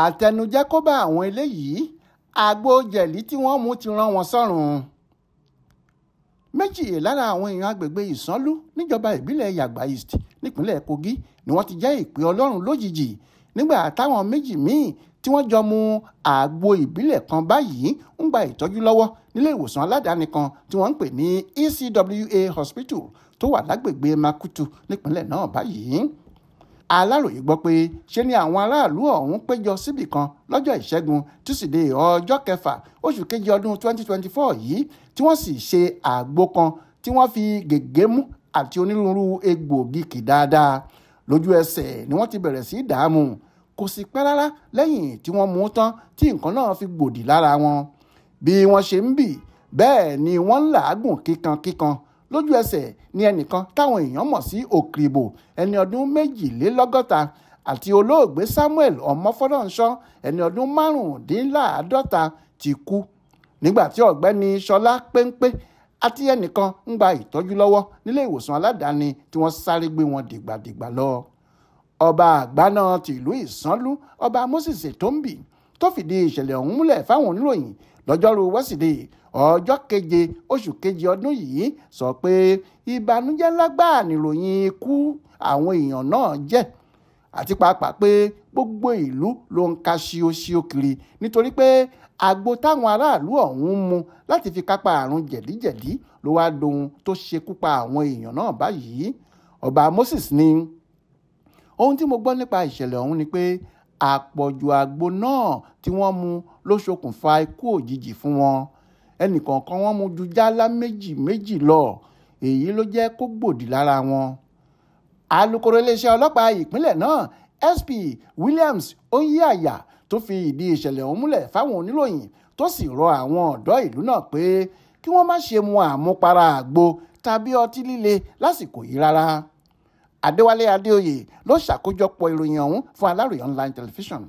àtẹnujẹ kó bá àwọn eléyìí àgbo jẹ̀lí tí wọ́n mú ti rán wọn sọ́run méjì lára àwọn èèyàn agbègbè ìsánlú níjọba ìbílẹ̀ yàgbà east nípínlẹ̀ kogi ni wọ́n ti jẹ́ ìpè ọlọ́run lójijì nígbà táwọn méjì míì tí wọ́n jọ mu àgbo ìbílẹ̀ kan báyìí ń gba ìtọ́jú lọ́wọ́ nílé ìwòsàn aládàáni kan tí wọ́n ń pè ní ECWA hospital tó wà lágbègbè makutu nípínlẹ̀ náà báyìí aláròye gbọ́ pé ṣe ni àwọn aráàlú ọ̀hún péjọ síbì kan lọ́jọ́ ìṣẹ́gun túsìdeè ọjọ́ kẹfà oṣù kejì ọdún 2024 yìí tí wọ́n sì ṣe àgbo kan tí wọ́n fi gègé mú àti onírúurú egbòogi kì dáadáa lójú ẹsẹ̀ ni wọ́n ti bẹ̀rẹ̀ sí í dààmú kò sì pẹ́ rárá lẹ́yìn tí wọ́n mú tán tí nǹkan náà fi gbòdì lára wọn bí wọ́n ṣe ń bì bẹ́ẹ̀ ni wọ́n ń làágùn kíkankíkan lójú ẹsẹ̀ ni ẹnìkan táwọn èèyàn mọ̀ sí òkìrìbò ẹni ọdún méjìlélọ́gọ́ta àti olóògbé Samuel ọmọfọdọ́nṣọ́ ẹni ọdún márùndínláàádọ́ta ti kú nígbà tí ọ̀gbẹ́ni Ṣọlá péńpé àti ẹnìkan ń gba ìtọ́jú lọ́wọ́ nílé ìwòsàn aládàáni tí wọ́n sáré gbé wọn dìgbàdìgbà lọ ọba àgbáná tìlú ìsánlú ọba Moses Tóńbì tó fìdí ìṣẹ̀lẹ̀ ọ̀hún múlẹ̀ fáwọn oníròyìn lọ́jọ́rú wẹ́sídẹ̀ẹ́ ọjọ́ keje oṣù keje ọdún yìí sọ pé ìbànújẹ́ ńlá gbáà nìròyìn ikú àwọn èèyàn náà jẹ́ àti pàápàá pé gbogbo ìlú ló ń ka ṣíoṣío kiri nítorí pé àgbo táwọn aráàlú ọ̀hún mu láti fi kápá àrùn jẹ̀díjẹ̀dí ló wá dohun tó ṣekú pa àwọn èèyàn náà báyìí ọba Moses ni ohun tí mo gbọ́ nípa ìṣẹ̀lẹ̀ ọ̀hún ni pé àpọ̀jù àgbo náà tí wọ́n mu ló ṣokùnfà ikú òjijì fún wọn ẹnìkọ̀ọ̀kan wọn mu ju jálá méjì méjì lọ èyí ló jẹ́ kó gbòdì lára wọn. alūkkóró iléeṣẹ́ ọlọ́pàá ìpínlẹ̀ náà SP Williams Onyeaya tó fi ìdí ìṣẹ̀lẹ̀ ọ̀hún múlẹ̀ fáwọn oníròyìn tó sì rọ àwọn ọ̀dọ́ ìlú náà pé kí wọ́n má ṣe mu àmupara àgbo tàbí ọtí líle lásìkò yìí rárá adéwálé adéoyè ló ṣàkójọpọ̀ ìròyìn ọ̀hún fún aláròyé online television.